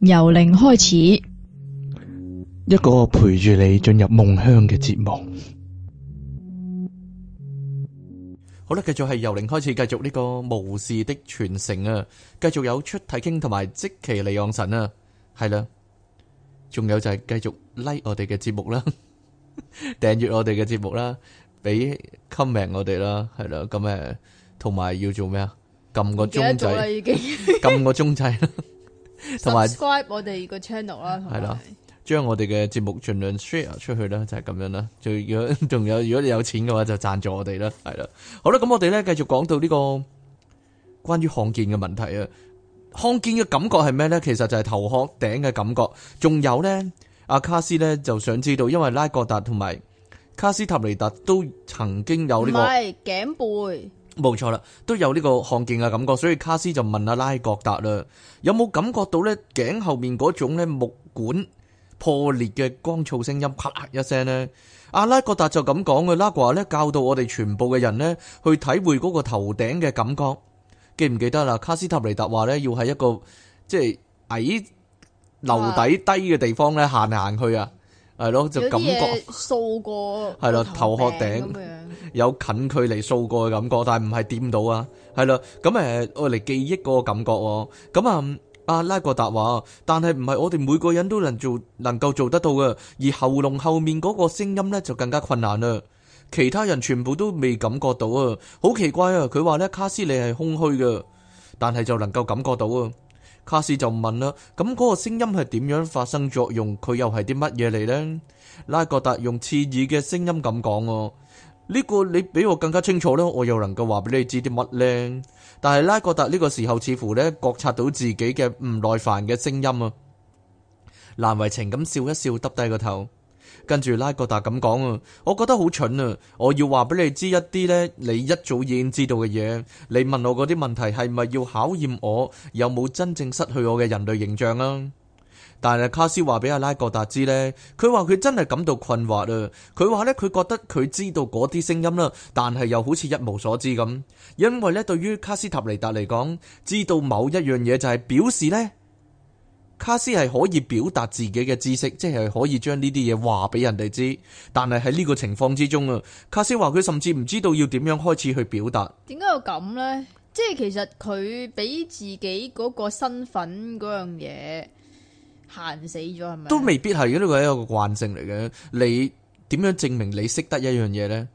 由零開始，一個陪住你進入夢鄉嘅節目。好啦，繼續係由零開始，繼續呢個巫士的傳承啊！繼續有出體傾同埋即其離養神啊，係啦，仲有就係繼續 like 我哋嘅節目啦，訂閱我哋嘅節目啦，俾 comment 我哋啦，係啦，咁誒，同埋要做咩啊？撳個鐘仔，撳個鐘仔啦。同埋 subscribe 我哋個 channel 啦，係啦，將了我哋嘅節目盡量 share 出去啦，就係、是、咁樣啦。就如果仲有，有如果你有錢嘅話，就贊助我哋啦，係啦。好啦，咁我哋咧繼續講到呢個關於看見嘅問題啊。看見嘅感覺係咩咧？其實就係頭殼頂嘅感覺。仲有咧，阿卡斯咧就想知道，因為拉各達同埋卡斯塔尼達都曾經有呢、這個頸背。冇錯啦，都有呢個看見嘅感覺，所以卡斯就問阿拉國達啦，有冇感覺到咧頸後面嗰種咧木管破裂嘅乾燥聲音，咔一聲咧？阿拉國達就咁講嘅啦，拉國達咧教到我哋全部嘅人咧去體會嗰個頭頂嘅感覺，記唔記得啦？卡斯塔尼達話咧要喺一個即係矮樓底低嘅地方咧行嚟行去啊，係咯就感覺掃過係咯頭殼頂。有近距離掃過嘅感覺，但係唔係掂到啊，係啦，咁、嗯、誒，我嚟，記憶嗰個感覺，咁啊，阿、嗯啊、拉格達話，但係唔係我哋每個人都能做，能夠做得到嘅，而喉嚨後面嗰個聲音呢，就更加困難啦。其他人全部都未感覺到啊，好奇怪啊！佢話呢，卡斯裏係空虛嘅，但係就能夠感覺到啊。卡斯就問啦，咁、嗯、嗰、那個聲音係點樣發生作用？佢又係啲乜嘢嚟呢？拉格達用刺耳嘅聲音咁講、啊。呢個你比我更加清楚咯，我又能夠話俾你知啲乜呢？但係拉格達呢個時候似乎呢，覺察到自己嘅唔耐煩嘅聲音啊，難為情咁笑一笑，耷低個頭，跟住拉格達咁講啊，我覺得好蠢啊，我要話俾你知一啲呢，你一早已經知道嘅嘢，你問我嗰啲問題係咪要考驗我，有冇真正失去我嘅人類形象啊？但係卡斯話俾阿拉各達知呢，佢話佢真係感到困惑啊。佢話呢，佢覺得佢知道嗰啲聲音啦，但係又好似一無所知咁。因為呢，對於卡斯塔尼達嚟講，知道某一樣嘢就係表示呢，卡斯係可以表達自己嘅知識，即係可以將呢啲嘢話俾人哋知。但係喺呢個情況之中啊，卡斯話佢甚至唔知道要點樣開始去表達。點解要咁呢？即係其實佢俾自己嗰個身份嗰樣嘢。閒死咗係咪？都未必係嘅，呢個係一個慣性嚟嘅。你點樣證明你識得一樣嘢咧？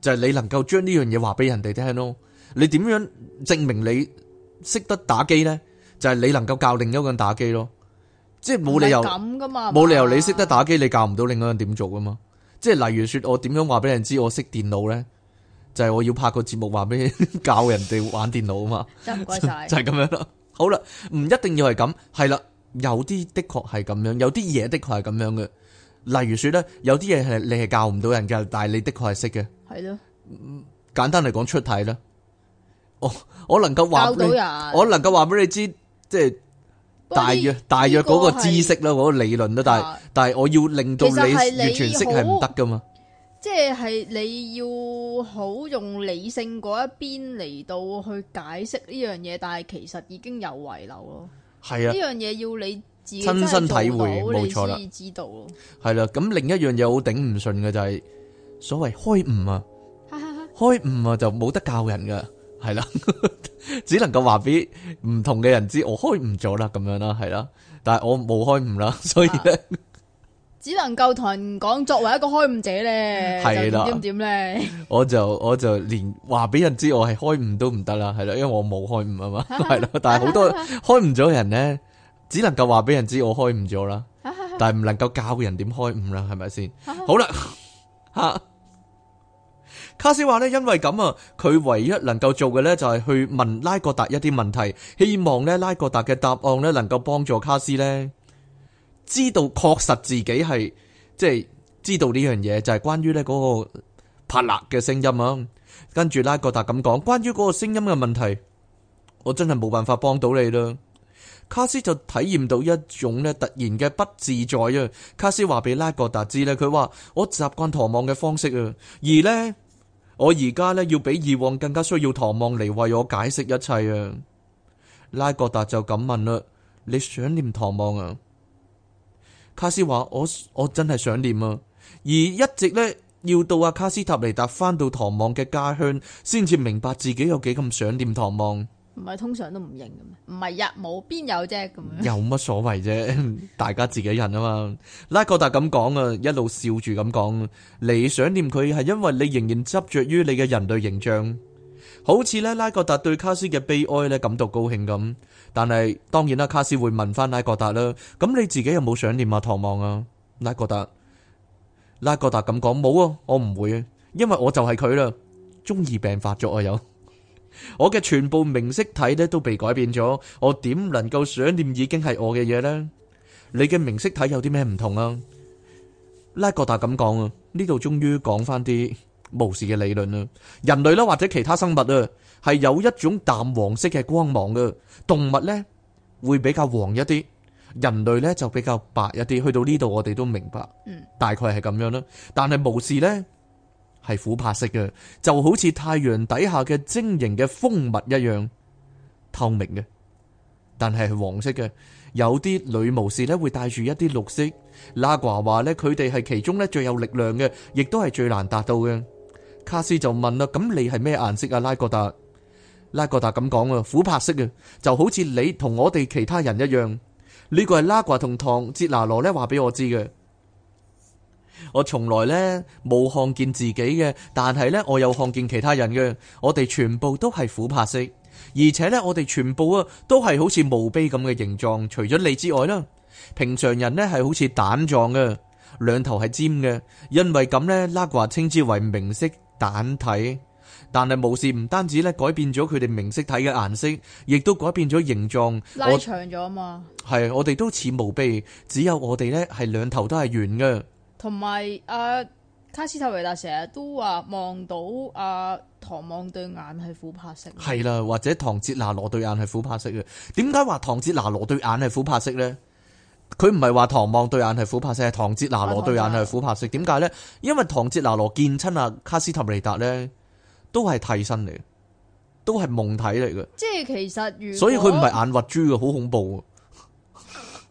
就係你能夠將呢樣嘢話俾人哋聽。即係咯，你點樣證明你識得打機咧？就係你能夠教另一個人打機咯。即係冇理由。咁噶嘛？冇理由你識得打機，你教唔到另一個人點做噶嘛？即係例如說我點樣話俾人知我識電腦咧？就係我要拍個節目話俾你教人哋玩電腦啊嘛。唔該晒。就係咁樣咯。好啦，唔一定要係咁。係啦。有啲的確係咁樣，有啲嘢的確係咁樣嘅。例如說咧，有啲嘢係你係教唔到人㗎，但係你的確係識嘅。係咯的，簡單嚟講出體啦。我我能夠話，我能夠話俾你知，即係大約大約嗰個知識啦，嗰個，個理論啦。但係、啊、但係，我要令到你完全識係唔得噶嘛。即係係你要好用理性嗰一邊嚟到去解釋呢樣嘢，但係其實已經有遺漏咯。係啊，呢樣嘢要你自己親身體會，冇錯啦，知道咯。係啦，咁另一樣嘢好頂唔順嘅就係所謂開悟啊，開悟啊就冇得教人噶，係啦，只能夠話俾唔同嘅人知，我開悟咗啦，咁樣啦，係啦，但係我冇開悟啦，所以咧。 只能夠同人講，作為一個開悟者咧， 就點點咧，我就我就連話俾人知我係開悟都唔得啦，係啦，因為我冇開悟啊嘛，係啦，但係好多開悟咗嘅人咧，只能夠話俾人知我開悟咗啦， 但係唔能夠教人點開悟啦，係咪先？ 好啦了，吓， 卡斯話咧，因為咁啊，佢唯一能夠做嘅咧就係去問拉各達一啲問題，希望咧拉各達嘅答案咧能夠幫助卡斯咧。知道確實自己係，即係知道呢樣嘢，就係、是、關於呢嗰個拍納嘅聲音啊。跟住拉格達咁講，關於嗰個聲音嘅問題，我真係冇辦法幫到你啦。卡斯就體驗到一種咧突然嘅不自在啊。卡斯話俾拉格達知咧，佢話我習慣唐望嘅方式啊，而呢，我而家咧要比以往更加需要唐望嚟為我解釋一切啊。拉格達就咁問啦，你想念唐望啊？卡斯話：我我真係想念啊，而一直咧要到阿卡斯塔尼達翻到唐望嘅家鄉，先至明白自己有幾咁想念唐望。唔係通常都唔認嘅咩？唔係呀，冇邊有啫咁樣。有乜所謂啫？ 大家自己人啊嘛。拉各達咁講啊，一路笑住咁講，你想念佢係因為你仍然執着於你嘅人類形象，好似咧拉各達對卡斯嘅悲哀咧感到高興咁。但係當然啦，卡斯會問翻拉各達啦。咁你自己有冇想念啊？唐望啊，拉各達，拉各達咁講，冇啊，我唔會啊，因為我就係佢啦。中二病發作啊，有我嘅全部明識體咧都被改變咗，我點能夠想念已經係我嘅嘢呢？你嘅明識體有啲咩唔同啊？拉各達咁講啊，呢度終於講翻啲巫士嘅理論啦。人類啦，或者其他生物啊。係有一種淡黃色嘅光芒嘅動物咧，會比較黃一啲；人類咧就比較白一啲。去到呢度，我哋都明白，大概係咁樣啦。但係巫士咧係琥珀色嘅，就好似太陽底下嘅晶瑩嘅蜂蜜一樣透明嘅，但係黃色嘅。有啲女巫士咧會帶住一啲綠色。拉呱話咧，佢哋係其中咧最有力量嘅，亦都係最難達到嘅。卡斯就問啦：咁你係咩顏色啊？拉哥達。拉格達咁講啊，琥珀色啊，就好似你同我哋其他人一樣，呢個係拉瓜同唐哲拿羅呢話俾我知嘅。我從來呢冇看見自己嘅，但係呢我又看見其他人嘅，我哋全部都係琥珀色，而且呢我哋全部啊都係好似墓碑咁嘅形狀，除咗你之外啦。平常人呢係好似蛋狀嘅，兩頭係尖嘅，因為咁呢拉瓜話稱之為明色蛋體。但係無事唔單止咧改變咗佢哋明色體嘅顏色，亦都改變咗形狀，拉長咗嘛。係我哋都似無臂，只有我哋咧係兩頭都係圓嘅。同埋阿卡斯塔維達成日都話望到阿、啊、唐望對眼係琥珀色，係啦，或者唐哲拿羅對眼係琥珀色嘅。點解話唐哲拿羅對眼係琥珀色呢？佢唔係話唐望對眼係琥珀色，係唐哲拿羅對眼係琥珀色。點解、就是、呢？因為唐哲拿羅見親阿卡斯塔維達呢。都係替身嚟，都係夢體嚟嘅。即係其實，所以佢唔係眼核珠嘅，好恐怖啊！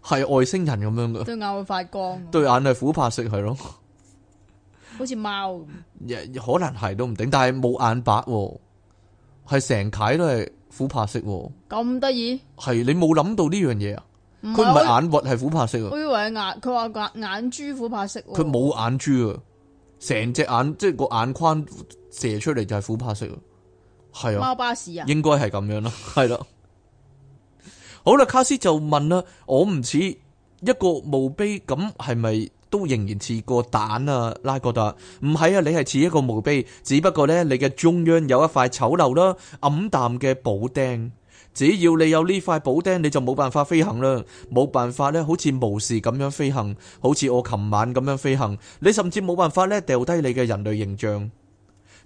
係 外星人咁樣嘅。對眼會發光對。對眼係琥珀色係咯，好似貓可能係都唔定，但係冇眼白，係成塊都係琥珀色。咁得意？係你冇諗到呢樣嘢啊！佢唔係眼核琥珀，係琥珀色啊！我以為眼，佢話眼眼珠琥珀色，佢冇眼珠啊！成隻眼即係個眼框射出嚟就係琥珀色咯，係啊，貓巴士啊，應該係咁樣咯，係啦、啊。 好啦，卡斯就問啦，我唔似一個墓碑咁，係咪都仍然似個蛋啊？拉哥達，唔係啊，你係似一個墓碑，只不過呢，你嘅中央有一塊醜陋啦，暗淡嘅補釘。只要你有呢塊補釘，你就冇辦法飛行啦，冇辦法咧，好似巫士咁樣飛行，好似我琴晚咁樣飛行，你甚至冇辦法咧掉低你嘅人類形象。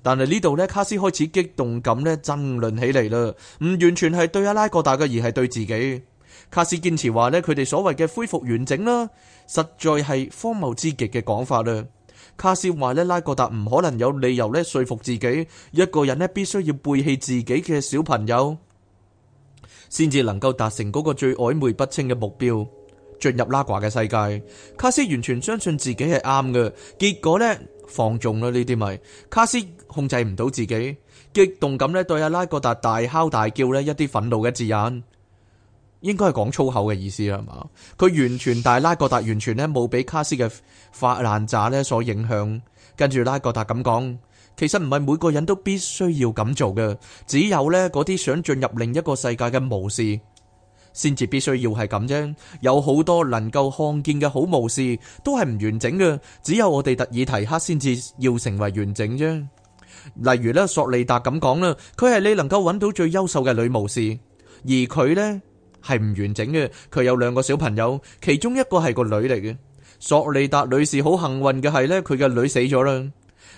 但係呢度呢，卡斯開始激動咁咧爭論起嚟啦，唔完全係對阿拉哥達嘅，而係對自己。卡斯堅持話呢，佢哋所謂嘅恢復完整啦，實在係荒謬之極嘅講法啦。卡斯話咧，拉哥達唔可能有理由呢說服自己一個人呢必須要背棄自己嘅小朋友。先至能夠達成嗰個最曖昧不清嘅目標，進入拉掛嘅世界。卡斯完全相信自己係啱嘅，結果呢，放縱啦呢啲咪卡斯控制唔到自己，激動咁咧對阿拉格達大敲大叫呢一啲憤怒嘅字眼，應該係講粗口嘅意思啦嘛。佢完全大拉格達完全呢冇俾卡斯嘅發爛渣呢所影響，跟住拉格達咁講。其實唔係每個人都必須要咁做嘅，只有呢嗰啲想進入另一個世界嘅巫士，先至必須要係咁啫。有好多能夠看見嘅好巫士都係唔完整嘅，只有我哋特爾提克先至要成為完整啫。例如呢，索利達咁講啦，佢係你能夠揾到最優秀嘅女巫士，而佢呢係唔完整嘅。佢有兩個小朋友，其中一個係個女嚟嘅。索利達女士好幸運嘅係呢，佢嘅女死咗啦，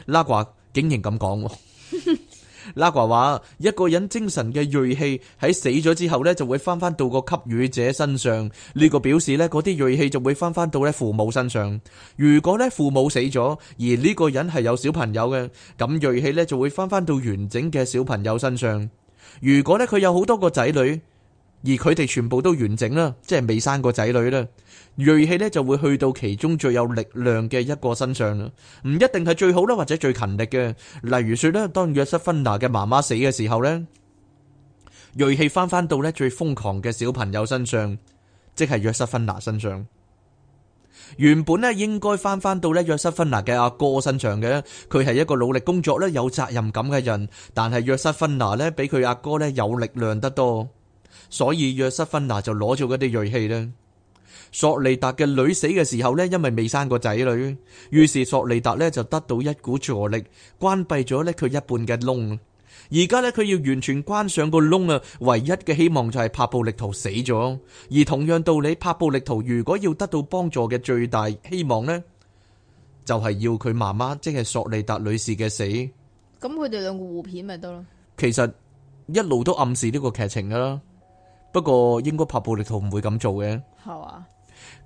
拉華。竟然咁講， 拉呱話一個人精神嘅銳氣喺死咗之後呢，就會翻翻到個給予者身上。呢、呢個表示呢，嗰啲銳氣就會翻翻到咧父母身上。如果呢，父母死咗，而呢個人係有小朋友嘅，咁銳氣呢就會翻翻到完整嘅小朋友身上。如果呢，佢有好多個仔女。而佢哋全部都完整啦，即係未生過仔女啦。銳氣呢就會去到其中最有力量嘅一個身上啦，唔一定係最好啦，或者最勤力嘅。例如說咧，當約瑟芬娜嘅媽媽死嘅時候呢，銳氣翻翻到咧最瘋狂嘅小朋友身上，即係約瑟芬娜身上。原本咧應該翻翻到咧約瑟芬娜嘅阿哥身上嘅，佢係一個努力工作咧、有責任感嘅人，但係約瑟芬娜咧比佢阿哥咧有力量得多。所以約瑟芬娜就攞咗嗰啲銳器啦。索利達嘅女死嘅時候呢，因為未生個仔女，於是索利達呢就得到一股助力，關閉咗呢佢一半嘅窿。而家呢，佢要完全關上個窿啊，唯一嘅希望就係帕布力圖死咗。而同樣道理，帕布力圖如果要得到幫助嘅最大希望呢，就係要佢媽媽即係索利達女士嘅死。咁佢哋兩個互片咪得咯？其實一路都暗示呢個劇情噶啦。不過應該帕布力圖唔會咁做嘅。係啊吧，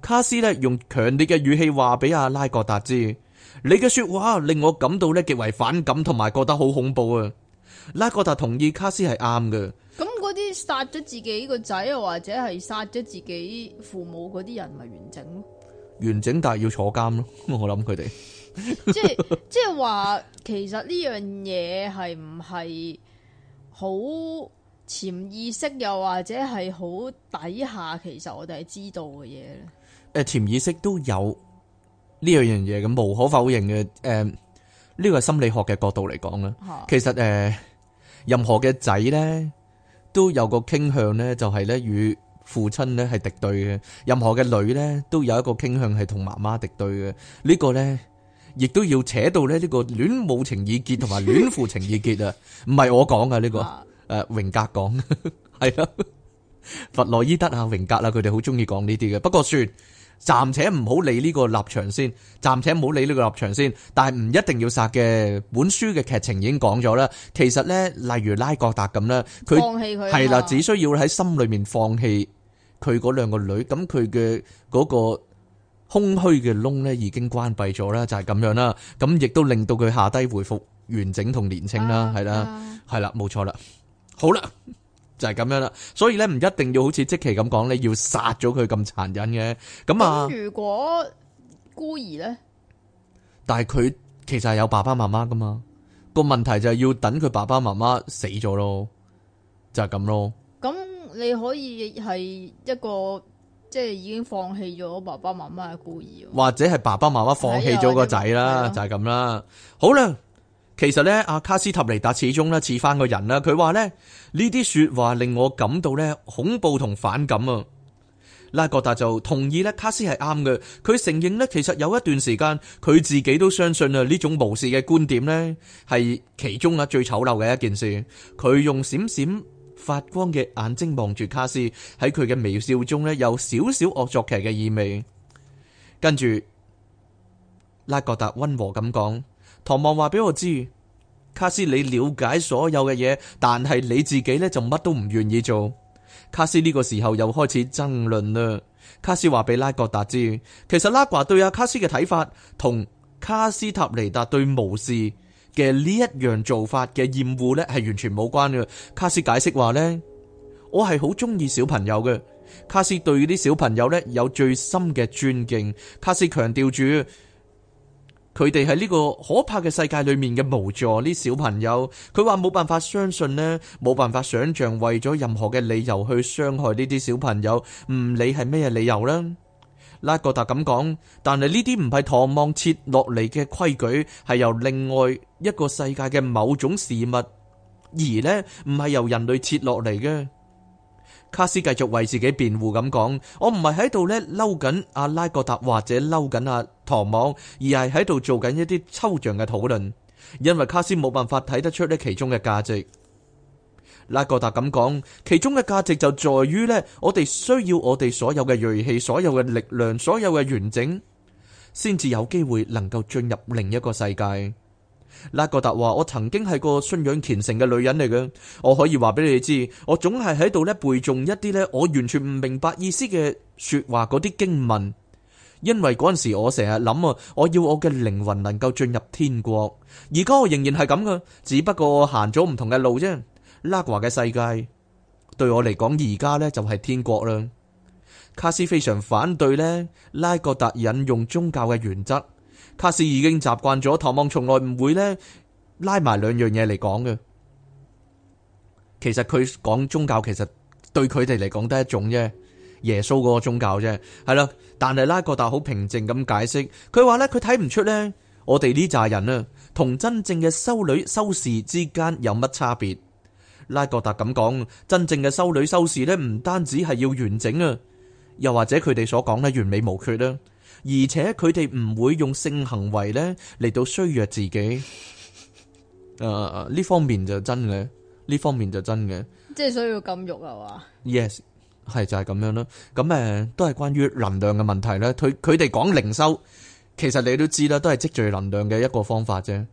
卡斯咧用強烈嘅語氣話俾阿拉格達知，你嘅說話令我感到咧極為反感，同埋覺得好恐怖啊！拉格達同意卡斯係啱嘅。咁嗰啲殺咗自己個仔，又或者係殺咗自己父母嗰啲人，咪完整咯？完整，但係要坐監咯。我諗佢哋即係即係話，其實呢樣嘢係唔係好？潛意識又或者係好底下，其實我哋係知道嘅嘢咧。誒、呃，潛意識都有呢樣樣嘢，咁無可否認嘅。誒、呃，呢個係心理學嘅角度嚟講啦。啊、其實誒、呃，任何嘅仔咧都有個傾向咧，就係咧與父親咧係敵對嘅。任何嘅女咧都有一個傾向係同媽媽敵對嘅。個對這個、呢個咧亦都要扯到咧呢個戀母情意結同埋戀父情意結、 這個、啊！唔係我講嘅呢個。誒，榮格講係啦，弗洛伊德啊，榮格啦，佢哋好中意講呢啲嘅。不過算，暫且唔好理呢個立場先，暫且唔好理呢個立場先。但係唔一定要殺嘅。本書嘅劇情已經講咗啦。其實咧，例如拉格達咁啦，佢放棄佢係啦，只需要喺心裏面放棄佢嗰兩個女，咁佢嘅嗰個空虛嘅窿咧已經關閉咗啦，就係咁樣啦。咁亦都令到佢下低回復完整同年輕啦，係啦，係啦，冇錯啦。好啦，就係、是、咁樣啦，所以咧唔一定要好似積奇咁講，你要殺咗佢咁殘忍嘅，咁啊。如果孤兒咧，但係佢其實係有爸爸媽媽噶嘛，個問題就係要等佢爸爸媽媽死咗咯，就係咁咯。咁你可以係一個即係、就是、已經放棄咗爸爸媽媽嘅孤兒，或者係爸爸媽媽放棄咗個仔啦，就係咁啦。的好啦。其實呢，阿卡斯塔尼達始終咧，似翻個人啦。佢話呢，呢啲說話令我感到咧恐怖同反感啊！拉葛達就同意咧，卡斯係啱嘅。佢承認呢，其實有一段時間佢自己都相信啊呢種無視嘅觀點呢係其中啊最醜陋嘅一件事。佢用閃閃發光嘅眼睛望住卡斯，喺佢嘅微笑中咧有少少惡作劇嘅意味。跟住，拉葛達温和咁講。唐望話俾我知，卡斯你了解所有嘅嘢，但係你自己呢就乜都唔願意做。卡斯呢個時候又開始爭論啦。卡斯話俾拉各達知，其實拉瓜對阿卡斯嘅睇法，同卡斯塔尼達對巫士嘅呢一樣做法嘅厭惡呢係完全冇關嘅。卡斯解釋話呢，我係好中意小朋友嘅。卡斯對啲小朋友呢有最深嘅尊敬，卡斯強調住。佢哋喺呢個可怕嘅世界裏面嘅無助，呢小朋友，佢話冇辦法相信呢，冇辦法想象為咗任何嘅理由去傷害呢啲小朋友，唔理係咩理由啦。拉格達咁講，但係呢啲唔係唐望切落嚟嘅規矩，係由另外一個世界嘅某種事物，而呢唔係由人類切落嚟嘅。卡斯繼續為自己辯護，咁講：我唔係喺度呢，嬲緊阿拉格達或者嬲緊阿唐網，而係喺度做緊一啲抽象嘅討論。因為卡斯冇辦法睇得出呢其中嘅價值。拉格達咁講：其中嘅價值就在於呢：我哋需要我哋所有嘅銳氣、所有嘅力量、所有嘅完整，先至有機會能夠進入另一個世界。拉格達話：我曾經係個信仰虔誠嘅女人嚟嘅，我可以話俾你哋知，我總係喺度咧背誦一啲咧我完全唔明白意思嘅說話嗰啲經文，因為嗰陣時我成日諗啊，我要我嘅靈魂能夠進入天國，而家我仍然係咁嘅，只不過行咗唔同嘅路啫。拉格華嘅世界對我嚟講，而家呢就係天國啦。卡斯非常反對呢，拉格達引用宗教嘅原則。卡斯已經習慣咗，唐望從來唔會呢拉埋兩樣嘢嚟講嘅。其實佢講宗教，其實對佢哋嚟講都係一種啫，耶穌嗰個宗教啫，係啦。但係拉各達好平靜咁解釋，佢話呢，佢睇唔出呢，我哋呢扎人啊，同真正嘅修女修士之間有乜差別？拉各達咁講，真正嘅修女修士呢，唔單止係要完整啊，又或者佢哋所講呢完美無缺啦。而且佢哋唔會用性行為咧嚟到衰弱自己，誒呢方面就真嘅，呢方面就真嘅，即係需要禁欲係嘛？Yes，係就係咁樣咯。咁誒都係關於能量嘅問題咧。佢佢哋講靈修，其實你都知啦，都係積聚能量嘅一個方法啫，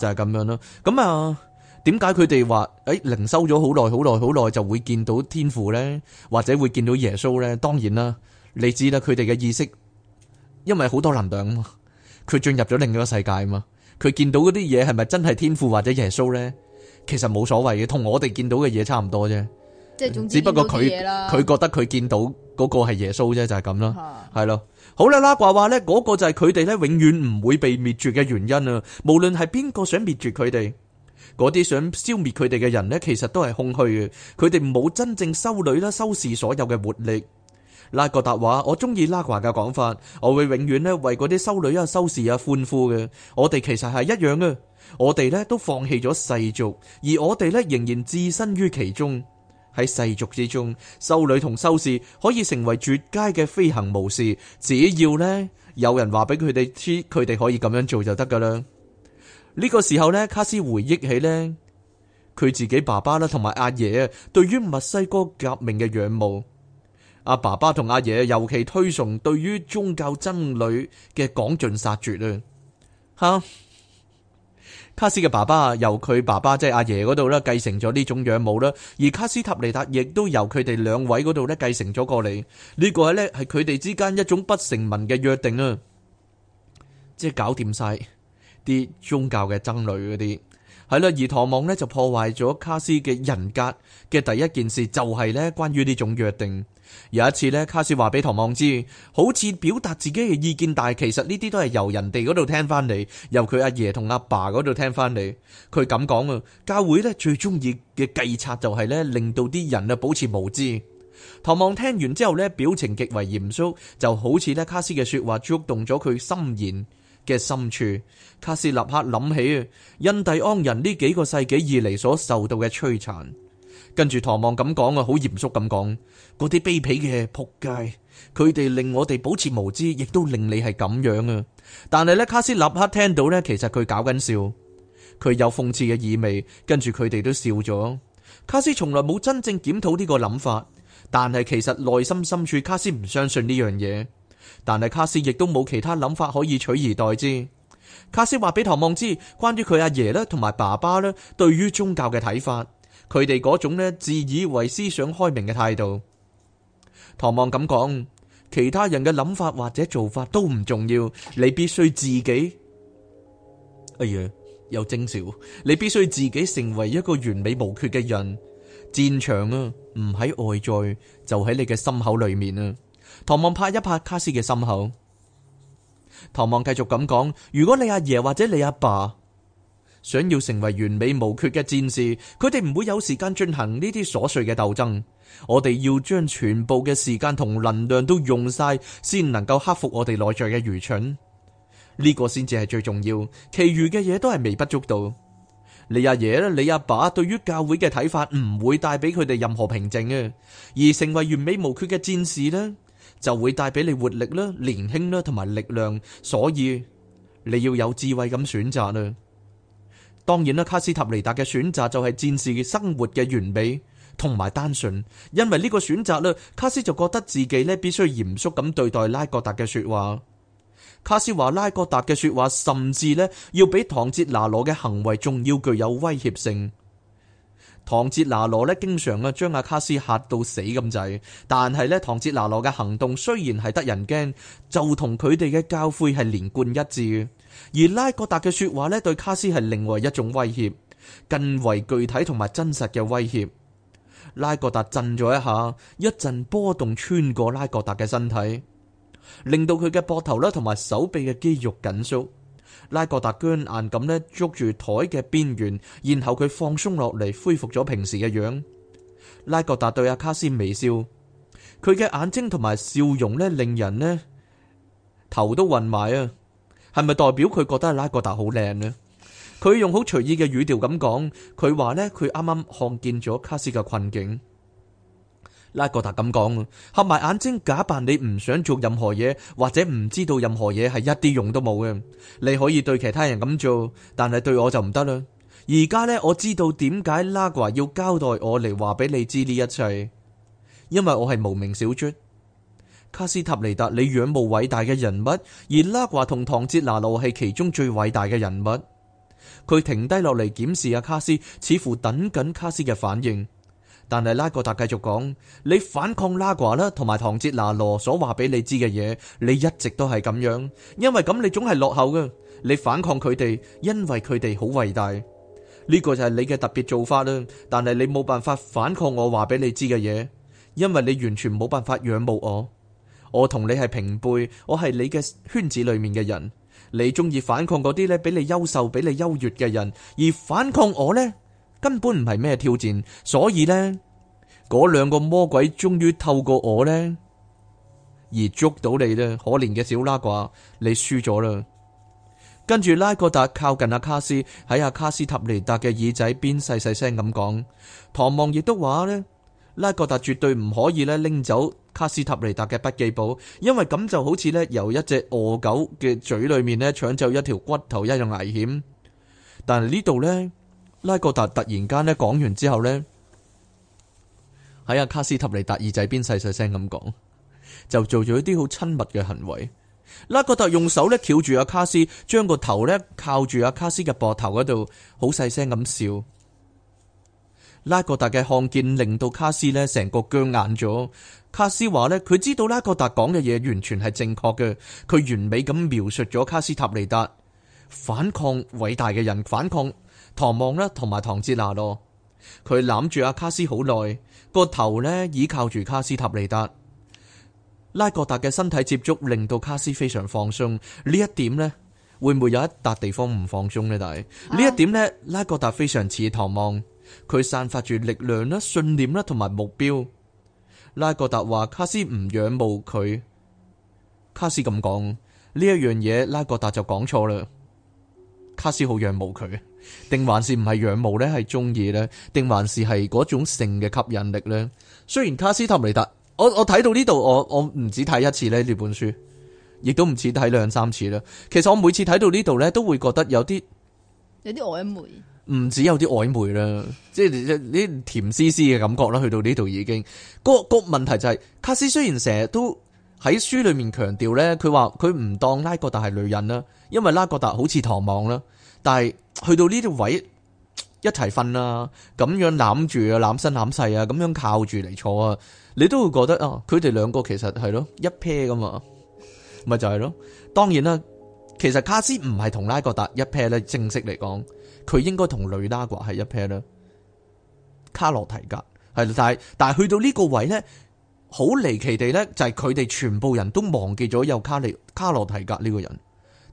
就係咁樣咯。咁啊，點解佢哋話誒靈修咗好耐、好耐、好耐就會見到天父咧，或者會見到耶穌咧？當然啦，你知啦，佢哋嘅意識。因為好多能量啊嘛，佢進入咗另一個世界啊嘛，佢見到嗰啲嘢係咪真係天父或者耶穌咧？其實冇所謂嘅，同我哋見到嘅嘢差唔多啫。即係，只不過佢佢覺得佢見到嗰個係耶穌啫，就係咁咯。係咯，好啦啦，話話咧嗰個就係佢哋咧永遠唔會被滅絕嘅原因啊！無論係邊個想滅絕佢哋，嗰啲想消滅佢哋嘅人咧，其實都係空虛嘅，佢哋冇真正修女啦，收視所有嘅活力。拉格達話：我中意拉華嘅講法，我會永遠呢為嗰啲修女啊、修士啊歡呼嘅。我哋其實係一樣嘅，我哋呢都放棄咗世俗，而我哋呢仍然置身於其中喺世俗之中。修女同修士可以成為絕佳嘅飛行模式。只要呢有人話俾佢哋知，佢哋可以咁樣做就得噶啦。呢、這個時候呢，卡斯回憶起呢，佢自己爸爸啦，同埋阿爺啊，對於墨西哥革命嘅仰慕。阿爸爸同阿爺尤其推崇對於宗教僧侶嘅趕盡殺絕啊！吓，卡斯嘅爸爸由佢爸爸即係阿爺嗰度咧，繼承咗呢種養母啦，而卡斯塔尼達亦都由佢哋兩位嗰度咧，繼承咗過嚟。呢個咧，係佢哋之間一種不成文嘅約定啊，即係搞掂晒啲宗教嘅僧侶嗰啲。係啦，而唐望呢就破壞咗卡斯嘅人格嘅第一件事，就係呢關於呢種約定。有一次呢，卡斯話俾唐望知，好似表達自己嘅意見，但係其實呢啲都係由人哋嗰度聽翻嚟，由佢阿爺同阿爸嗰度聽翻嚟。佢咁講啊，教會呢最中意嘅計策就係呢令到啲人啊保持無知。唐望聽完之後呢，表情極為嚴肅，就好似呢卡斯嘅說話觸動咗佢心弦嘅深處，卡斯立刻諗起印第安人呢幾個世紀以嚟所受到嘅摧殘。跟住唐望咁講啊，好嚴肅咁講，嗰啲卑鄙嘅撲街，佢哋令我哋保持無知，亦都令你係咁樣啊。但係咧，卡斯立刻聽到咧，其實佢搞緊笑，佢有諷刺嘅意味。跟住佢哋都笑咗。卡斯從來冇真正檢討呢個諗法，但係其實內心深處，卡斯唔相信呢樣嘢。但係卡斯亦都冇其他諗法可以取而代之。卡斯話俾唐望知關於佢阿爺咧同埋爸爸咧對於宗教嘅睇法，佢哋嗰種咧自以為思想開明嘅態度。唐望咁講，其他人嘅諗法或者做法都唔重要，你必須自己哎呀，有徵兆，你必須自己成為一個完美無缺嘅人。戰場啊，唔喺外在，就喺你嘅心口裏面啊。唐望拍一拍卡斯嘅心口，唐望繼續咁講：如果你阿爺或者你阿爸想要成為完美無缺嘅戰士，佢哋唔會有時間進行呢啲瑣碎嘅鬥爭。我哋要將全部嘅時間同能量都用晒，先能夠克服我哋內在嘅愚蠢。呢個先至係最重要，其餘嘅嘢都係微不足道。你阿爺咧，你阿爸對於教會嘅睇法唔會帶俾佢哋任何平靜啊！而成為完美無缺嘅戰士呢。」就會帶俾你活力啦、年輕啦同埋力量，所以你要有智慧咁選擇啦。當然啦，卡斯塔尼達嘅選擇就係戰士嘅生活嘅完美同埋單純，因為呢個選擇咧，卡斯就覺得自己咧必須嚴肅咁對待拉各達嘅說話。卡斯話拉各達嘅說話，甚至咧要比唐哲拿羅嘅行為仲要具有威脅性。唐哲拿羅咧，經常啊將阿卡斯嚇到死咁滯。但係呢，唐哲拿羅嘅行動雖然係得人驚，就同佢哋嘅教誨係連貫一致。而拉格達嘅說話咧，對卡斯係另外一種威脅，更為具體同埋真實嘅威脅。拉格達震咗一下，一陣波動穿過拉格達嘅身體，令到佢嘅膊頭啦同埋手臂嘅肌肉緊縮。拉各達僵硬咁咧捉住檯嘅邊緣，然後佢放鬆落嚟，恢復咗平時嘅樣。拉各達對阿卡斯微笑，佢嘅眼睛同埋笑容咧，令人呢頭都暈埋啊！係咪代表佢覺得拉各達好靚咧？佢用好隨意嘅語調咁講，佢話呢，佢啱啱看見咗卡斯嘅困境。拉哥達咁講，合埋眼睛假扮你唔想做任何嘢，或者唔知道任何嘢，係一啲用都冇嘅。你可以對其他人咁做，但係對我就唔得啦。而家呢，我知道點解拉華要交代我嚟話俾你知呢一切，因為我係無名小卒。卡斯塔尼達，你仰慕偉大嘅人物，而拉華同唐哲拿路係其中最偉大嘅人物。佢停低落嚟檢視阿卡斯，似乎等緊卡斯嘅反應。但係拉各達繼續講，你反抗拉瓜啦同埋唐哲拿羅所話俾你知嘅嘢，你一直都係咁樣，因為咁你總係落後嘅。你反抗佢哋，因為佢哋好偉大，呢、這個就係你嘅特別做法啦。但係你冇辦法反抗我話俾你知嘅嘢，因為你完全冇辦法仰慕我。我同你係平輩，我係你嘅圈子裏面嘅人，你中意反抗嗰啲咧比你優秀、比你優越嘅人，而反抗我呢？根本唔係咩挑戰，所以呢，嗰兩個魔鬼終於透過我呢，而捉到你呢，可憐嘅小拉寡，你輸咗啦。跟住拉格達靠近阿卡斯喺阿卡斯塔尼達嘅耳仔邊細細聲咁講，唐望亦都話呢，拉格達絕對唔可以呢拎走卡斯塔尼達嘅筆記簿，因為咁就好似呢由一隻餓狗嘅嘴裏面呢搶走一條骨頭一樣危險。但係呢度呢。拉各達突然間咧講完之後呢，喺阿卡斯塔尼達耳仔邊細細聲咁講，就做咗一啲好親密嘅行為。拉各達用手咧翹住阿卡斯，將個頭咧靠住阿卡斯嘅膊頭嗰度，好細聲咁笑。拉各達嘅看見令到卡斯咧成個僵硬咗。卡斯話呢，佢知道拉各達講嘅嘢完全係正確嘅，佢完美咁描述咗卡斯塔尼達反抗偉大嘅人反抗望唐望咧，同埋唐哲娜咯。佢攬住阿卡斯好耐，個頭咧倚靠住卡斯塔利達。拉各達嘅身體接觸，令到卡斯非常放鬆。呢一點咧，會唔會有一笪地方唔放鬆呢？但大呢、啊、一點呢，拉各達非常似唐望，佢散發住力量啦、信念啦同埋目標。拉各達話：卡斯唔仰慕佢。卡斯咁講呢一樣嘢，拉各達就講錯啦。卡斯好仰慕佢。定還是唔係仰慕呢？係中意呢？定還是係嗰種性嘅吸引力呢？雖然卡斯塔尼達，我我睇到呢度，我我唔止睇一次呢。呢本書，亦都唔止睇兩三次啦。其實我每次睇到呢度呢，都會覺得有啲有啲曖昧，唔止有啲曖昧啦，即係呢甜絲絲嘅感覺啦。去到呢度已經，個個問題就係、是、卡斯雖然成日都喺書裏面強調呢，佢話佢唔當拉格達係女人啦，因為拉格達好似唐望啦，但係。去到呢啲位一齊瞓啊，咁樣攬住啊，攬身攬勢啊，咁樣靠住嚟坐啊，你都會覺得啊，佢哋兩個其實係咯一 pair 噶嘛，咪就係、是、咯。當然啦，其實卡斯唔係同拉格達一 pair 咧，正式嚟講，佢應該同雷拉格係一 pair 啦。卡洛提格係，但係但係去到呢個位咧，好離奇地咧，就係佢哋全部人都忘記咗有卡利卡洛提格呢個人。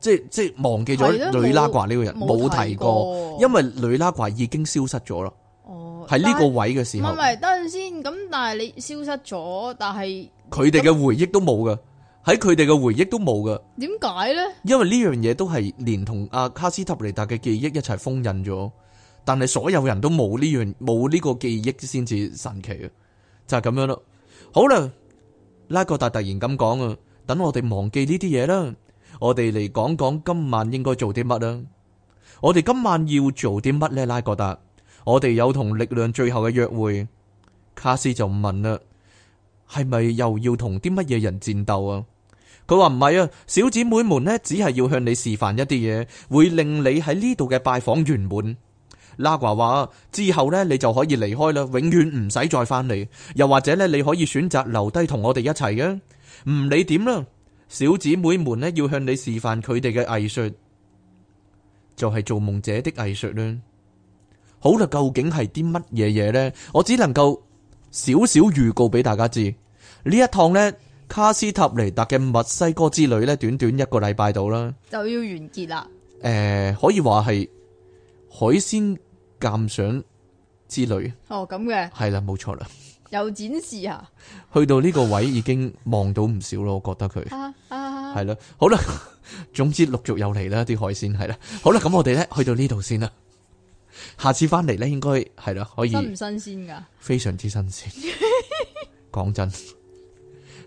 即係即係忘記咗女拉怪呢個人，冇提過，因為女拉怪已經消失咗咯。哦，係呢個位嘅時候，唔係唔係，等陣先。咁但係你消失咗，但係佢哋嘅回憶都冇㗎，喺佢哋嘅回憶都冇㗎。點解呢？因為呢樣嘢都係連同阿卡斯塔尼達嘅記憶一齊封印咗，但係所有人都冇呢樣冇呢個記憶先至神奇啊！就係咁樣咯。好啦，拉哥達突然咁講啊，等我哋忘記呢啲嘢啦。我哋嚟講講今晚應該做啲乜啦？我哋今晚要做啲乜呢？拉哥達，我哋有同力量最後嘅約會。卡斯就問啦：係咪又要同啲乜嘢人戰鬥啊？佢話唔係啊，小姐妹們呢，只係要向你示範一啲嘢，會令你喺呢度嘅拜訪圓滿。拉哥話之後呢，你就可以離開啦，永遠唔使再翻嚟。又或者呢，你可以選擇留低同我哋一齊嘅，唔理點啦。小姐妹們咧要向你示範佢哋嘅藝術，就係、是、做夢者的藝術啦。好啦，究竟係啲乜嘢嘢呢？我只能夠少少預告俾大家知。呢一趟呢，卡斯塔尼達嘅墨西哥之旅呢，短短一個禮拜到啦，就要完結啦。誒、呃，可以話係海鮮鑒賞之旅。哦，咁嘅係啦，冇錯啦。又展示啊！去到呢個位已經望到唔少咯，我覺得佢係咯，好啦，總之陸續又嚟啦，啲海鮮係啦，好啦，咁我哋咧去到呢度先啦，下次翻嚟咧應該係啦，可以唔新鮮噶？非常之新鮮，講 真，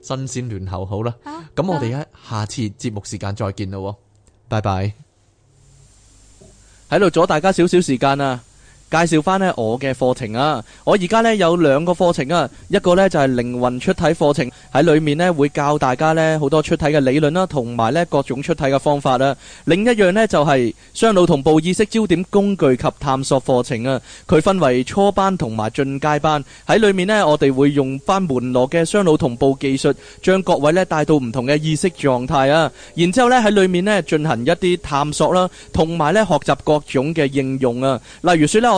新鮮聯侯好啦，咁 我哋咧下次節目時間再見咯，拜拜，喺度 阻大家少少時間啊！介紹翻呢我嘅課程啊！我而家呢有兩個課程啊，一個呢就係靈魂出體課程，喺裡面呢會教大家呢好多出體嘅理論啦，同埋呢各種出體嘅方法啦。另一樣呢就係雙腦同步意識焦點工具及探索課程啊。佢分為初班同埋進階班，喺裡面呢我哋會用返門羅嘅雙腦同步技術，將各位呢帶到唔同嘅意識狀態啊。然之後呢喺裡面呢進行一啲探索啦，同埋呢學習各種嘅應用啊。例如説呢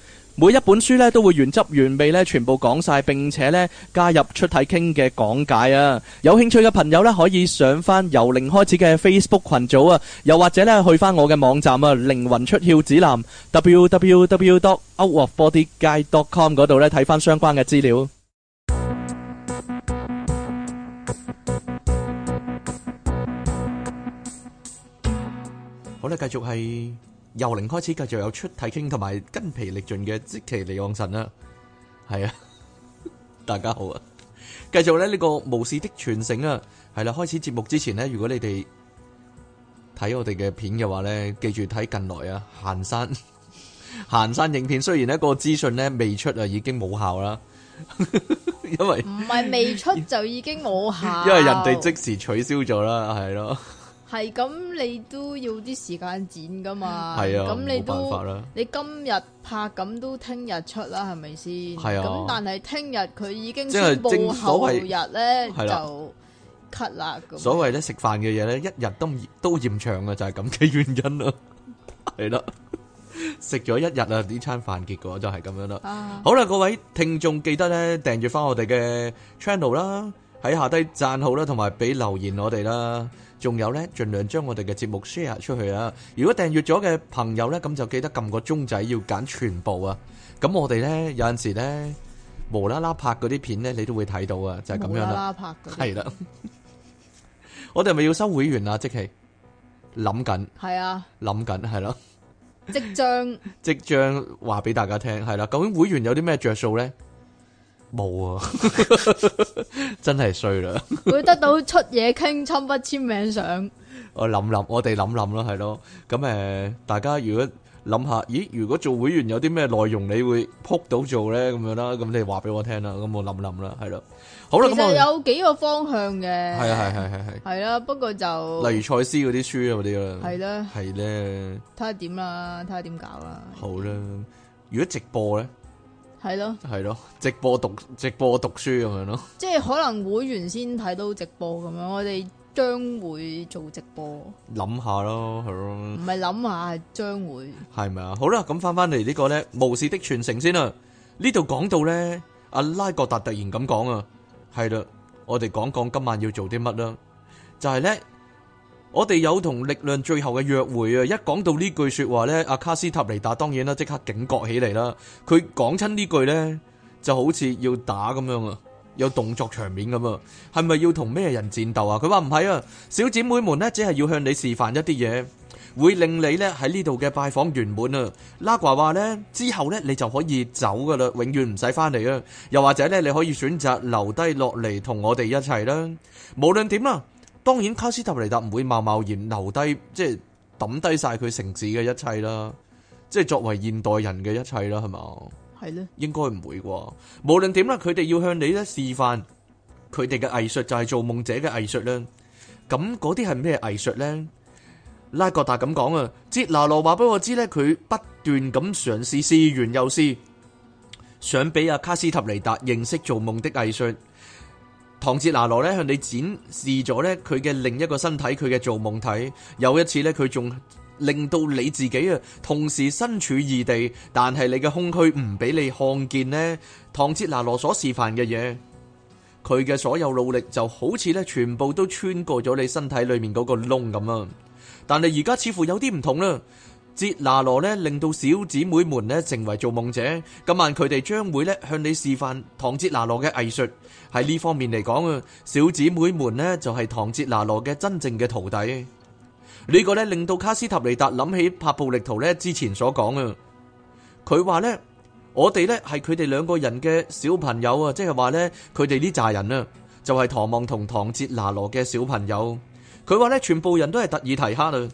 每一本書咧都會原汁原味咧全部講晒，並且咧加入出體傾嘅講解啊！有興趣嘅朋友咧可以上翻由零開始嘅 Facebook 群組啊，又或者咧去翻我嘅網站啊，靈魂出竅指南 www.outofbodyguide.com 嗰度咧睇翻相關嘅資料。好啦，繼續係。由零開始，繼續有出體傾同埋筋疲力盡嘅即奇離岸神啦、啊，係啊，大家好啊，繼續咧、這、呢個巫士的傳承啊，係啦、啊，開始節目之前咧，如果你哋睇我哋嘅片嘅話呢，記住睇近來啊，行山行山影片，雖然一個資訊咧未出啊，已經冇效啦， 因為唔係未出就已經冇效，因為人哋即時取消咗啦，係咯、啊。係咁，你都要啲時間剪噶嘛？係啊，冇辦法啦。你今日拍咁都聽日出啦，係咪先？係啊。咁但係聽日佢已經先幕後一日咧，啊、就 cut 啦。所謂咧，食飯嘅嘢咧，一日都都厭長噶，就係咁嘅原因咯。係啦，食咗一日啊，呢餐飯結果就係咁樣啦。啊、好啦，各位聽眾記得咧，訂閱翻我哋嘅 channel 啦，喺下低讚好啦，同埋俾留言我哋啦。 仲有咧，盡量將我哋嘅節目 share 出去啊！如果訂閱咗嘅朋友咧，咁就記得撳個鐘仔，要揀全部啊！咁我哋咧，有陣時咧，無啦啦拍嗰啲片咧，你都會睇到啊！就係咁樣啦，係啦了， 我哋係咪要收會員啊？即係諗緊，係啊，諗緊係咯，即將即將話俾大家聽，係啦，究竟會員有啲咩着數咧？冇啊， 真係衰啦！會得到出嘢傾親筆簽名相 我想想。我諗諗，我哋諗諗咯，係咯。咁誒，大家如果諗下，咦？如果做會員有啲咩內容你會扑到做咧？咁樣啦，咁你話俾我聽啦。咁我諗諗啦，係咯。好啦，其實有幾個方向嘅。係啊，係係係係。係啦、啊啊啊啊，不過就例如賽斯嗰啲書啊嗰啲啦。係咧、啊，係咧、啊。睇下點啦，睇下點搞啦。好啦、啊，如果直播咧？係咯，係咯，直播讀直播讀書咁樣咯，即係可能會員先睇到直播咁樣，我哋將會做直播，諗下咯，係咯，唔係諗下，將會係咪啊？好啦，咁翻翻嚟呢個咧，巫士的傳承先啦，呢度講到咧，阿拉哥達突然咁講啊，係啦，我哋講講今晚要做啲乜啦，就係咧。我哋有同力量最後嘅約會啊！一講到呢句説話呢，阿卡斯塔尼達當然啦，即刻警覺起嚟啦。佢講親呢句呢，就好似要打咁樣啊，有動作場面咁啊，係咪要同咩人戰鬥啊？佢話唔係啊，小姐妹們呢，只係要向你示範一啲嘢，會令你呢喺呢度嘅拜訪圓滿啊。拉瓜話呢之後呢，你就可以走噶啦，永遠唔使翻嚟啊。又或者呢，你可以選擇留低落嚟同我哋一齊啦。無論點啊。當然，卡斯塔尼達唔會貿貿然留低，即係抌低晒佢城市嘅一切啦，即係作為現代人嘅一切啦，係嘛？係咧的，應該唔會啩。無論點啦，佢哋要向你咧示範佢哋嘅藝術就係做夢者嘅藝術啦。咁嗰啲係咩藝術呢？拉各達咁講啊，捷拿羅話俾我知呢，佢不斷咁嘗試，試完又試，想俾阿卡斯塔尼達認識做夢的藝術。唐哲拿羅咧向你展示咗咧佢嘅另一個身體，佢嘅造夢體。有一次咧，佢仲令到你自己啊，同時身處異地，但係你嘅空虛唔俾你看見呢唐哲拿羅所示範嘅嘢，佢嘅所有努力就好似咧全部都穿過咗你身體裏面嗰個窿咁啊！但係而家似乎有啲唔同啦。捷拿羅咧令到小姊妹們咧成為做夢者，今晚佢哋將會咧向你示範唐捷拿羅嘅藝術。喺呢方面嚟講啊，小姊妹們咧就係唐捷拿羅嘅真正嘅徒弟。呢、這個咧令到卡斯塔尼達諗起帕布力圖咧之前所講啊。佢話呢，我哋咧係佢哋兩個人嘅小朋友啊，即係話呢，佢哋呢拃人啊就係唐望同唐捷拿羅嘅小朋友。佢話咧全部人都係特爾提哈啦。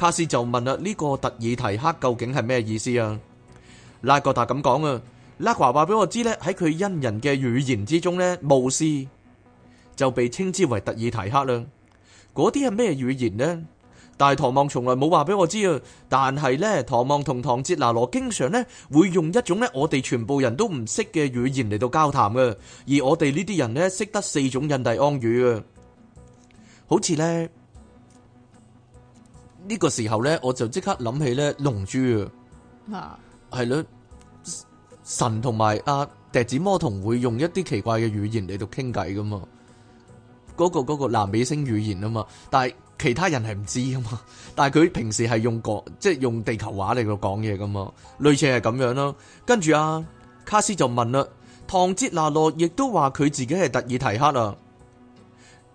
卡斯就問啦：呢個特爾提克究竟係咩意思啊？拉格達咁講啊，拉華話俾我知咧，喺佢恩人嘅語言之中咧，巫士就被稱之為特爾提克啦。嗰啲係咩語言咧？但係唐望從來冇話俾我知啊。但係咧，唐望同唐哲拿羅經常咧會用一種咧我哋全部人都唔識嘅語言嚟到交談噶，而我哋呢啲人咧識得四種印第安語啊，好似咧。呢個時候呢，我就即刻諗起呢龍珠啊，係咯，神同埋阿笛子魔童會用一啲奇怪嘅語言嚟到傾偈噶嘛，嗰個嗰個南美星語言啊嘛，但係其他人係唔知噶嘛，但係佢平時係用國即係用地球話嚟到講嘢噶嘛，類似係咁樣咯。跟住啊，卡斯就問啦，唐哲拿洛亦都話佢自己係特爾提克啊。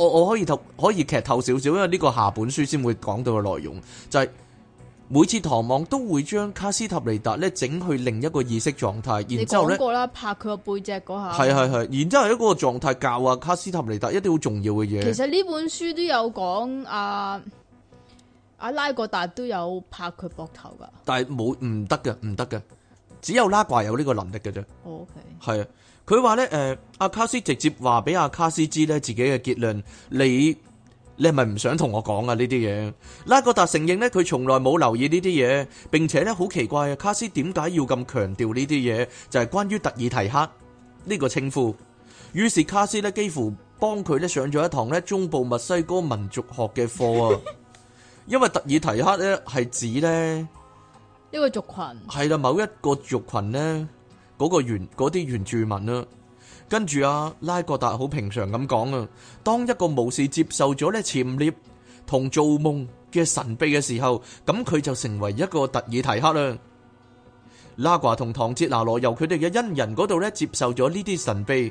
我我可以透可以劇透少少，因為呢個下本書先會講到嘅內容，就係、是、每次唐望都會將卡斯塔尼達咧整去另一個意識狀態，然之後啦，拍佢個背脊嗰下，係係係，然之後喺嗰個狀態教啊卡斯塔尼達一啲好重要嘅嘢。其實呢本書都有講阿、呃、阿拉哥達都有拍佢膊頭噶，但係冇唔得嘅，唔得嘅，只有拉怪有呢個能力嘅啫。O K，係啊。佢話咧，誒，阿、啊、卡斯直接話俾阿卡斯知咧，自己嘅結論，你，你係咪唔想同我講啊？呢啲嘢，拉格達承認咧，佢從來冇留意呢啲嘢，並且咧好奇怪啊，卡斯點解要咁強調呢啲嘢？就係、是、關於特爾提克呢、這個稱呼。於是卡斯咧幾乎幫佢咧上咗一堂咧中部墨西哥民族學嘅課啊， 因為特爾提克咧係指咧呢個族群，係啦、啊，某一個族群呢。嗰個原啲原住民啊，跟住啊，拉各達好平常咁講啊，當一個巫士接受咗咧潛獵同做夢嘅神秘嘅時候，咁佢就成為一個特爾提克啦。拉瓜同唐哲拿羅由佢哋嘅恩人嗰度咧接受咗呢啲神秘。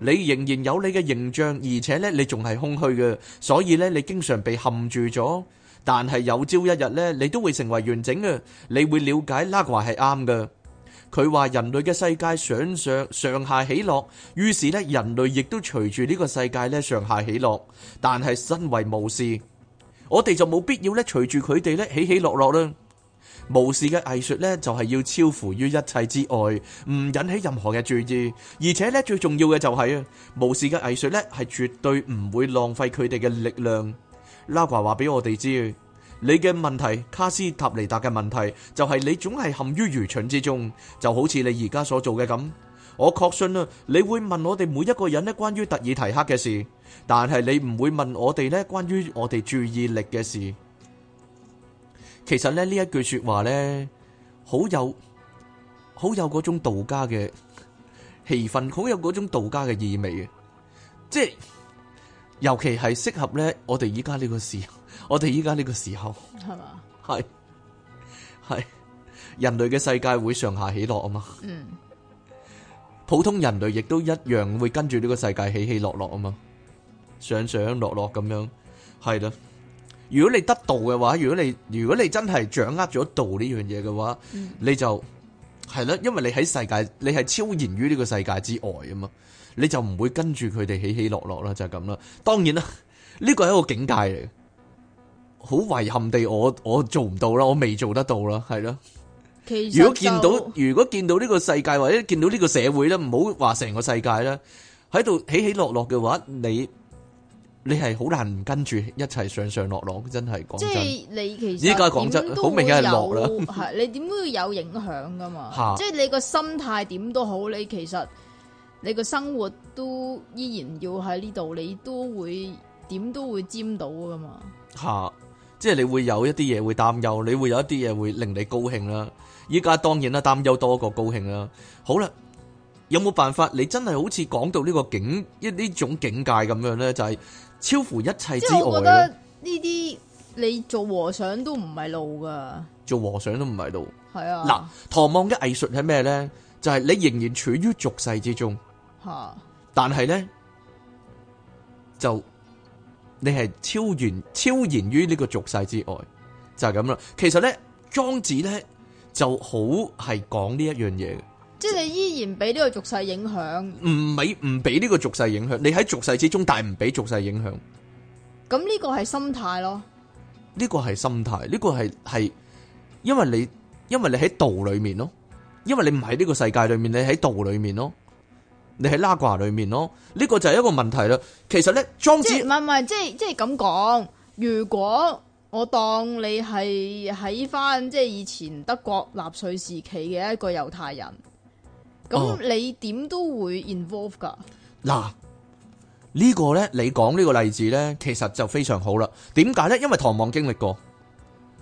你仍然有你嘅形象，而且咧你仲係空虛嘅，所以咧你經常被冚住咗。但係有朝一日咧，你都會成為完整嘅，你會了解拉華係啱嘅。佢話人類嘅世界上上上下起落，於是咧人類亦都隨住呢個世界咧上下起落。但係身為巫士，我哋就冇必要咧隨住佢哋咧起起落落啦。無事嘅藝術呢，就係要超乎於一切之外，唔引起任何嘅注意，而且咧最重要嘅就係、是、啊，無事嘅藝術呢，係絕對唔會浪費佢哋嘅力量。拉華話俾我哋知，你嘅問題，卡斯塔尼達嘅問題，就係、是、你總係陷於愚蠢之中，就好似你而家所做嘅咁。我確信啊，你會問我哋每一個人咧關於特爾提克嘅事，但係你唔會問我哋咧關於我哋注意力嘅事。其實咧呢一句說話咧，好有好有嗰種道家嘅氣氛，好有嗰種道家嘅意味嘅，即係尤其係適合咧我哋依家呢個時，我哋依家呢個時候係嘛，係係吧人類嘅世界會上下起落啊嘛，嗯，普通人類亦都一樣會跟住呢個世界起起落落啊嘛，上上落落咁樣係啦。如果你得道嘅話，如果你如果你真係掌握咗道呢樣嘢嘅話，你就係咯，因為你喺世界，你係超然於呢個世界之外啊嘛，你就唔會跟住佢哋起起落落啦，就係咁啦。當然啦，呢個係一個境界嚟，好遺憾地，我我做唔到啦，我未做得到啦，係咯。如果見到如果見到呢個世界或者見到呢個社會咧，唔好話成個世界啦，喺度起起落落嘅話，你。你係好難跟住一齊上上落落，真係講真。即係你其實，依家講真，好明顯係，你點都會有影響噶嘛。即係你個心態點都好，你其實你個生活都依然要喺呢度，你都會點都會沾到噶嘛。嚇！即係你會有一啲嘢會擔憂，你會有一啲嘢會令你高興啦。依家當然啦，擔憂多過高興啦。好啦。有冇辦法？你真係好似講到呢個境一呢種境界咁樣咧，就係超乎一切之外。即係我覺得呢啲你做和尚都唔係路噶，做和尚都唔係路。係啊，嗱，唐望嘅藝術係咩咧？就係你仍然處於俗世之中，吓，但係咧就你係超然超然於呢個俗世之外，就係咁啦。其實咧，莊子咧就好係講呢一樣嘢。即係你依然俾呢個俗世影響，唔係唔俾呢個俗世影響。你喺俗世之中，但係唔俾俗世影響。咁呢個係心態咯，呢個係心態，呢個係係因為你因為你喺道裏面咯，因為你唔喺呢個世界裏面，你喺道裏面咯，你喺拉掛裏面咯。呢個就係一個問題啦。其實咧，莊子唔係唔係，即係即係咁講。如果我當你係喺翻即係以前德國納粹時期嘅一個猶太人。咁你點都會 involve 噶？嗱，呢個呢，你講呢個例子呢，其實就非常好啦。點解呢？因為唐望經歷過，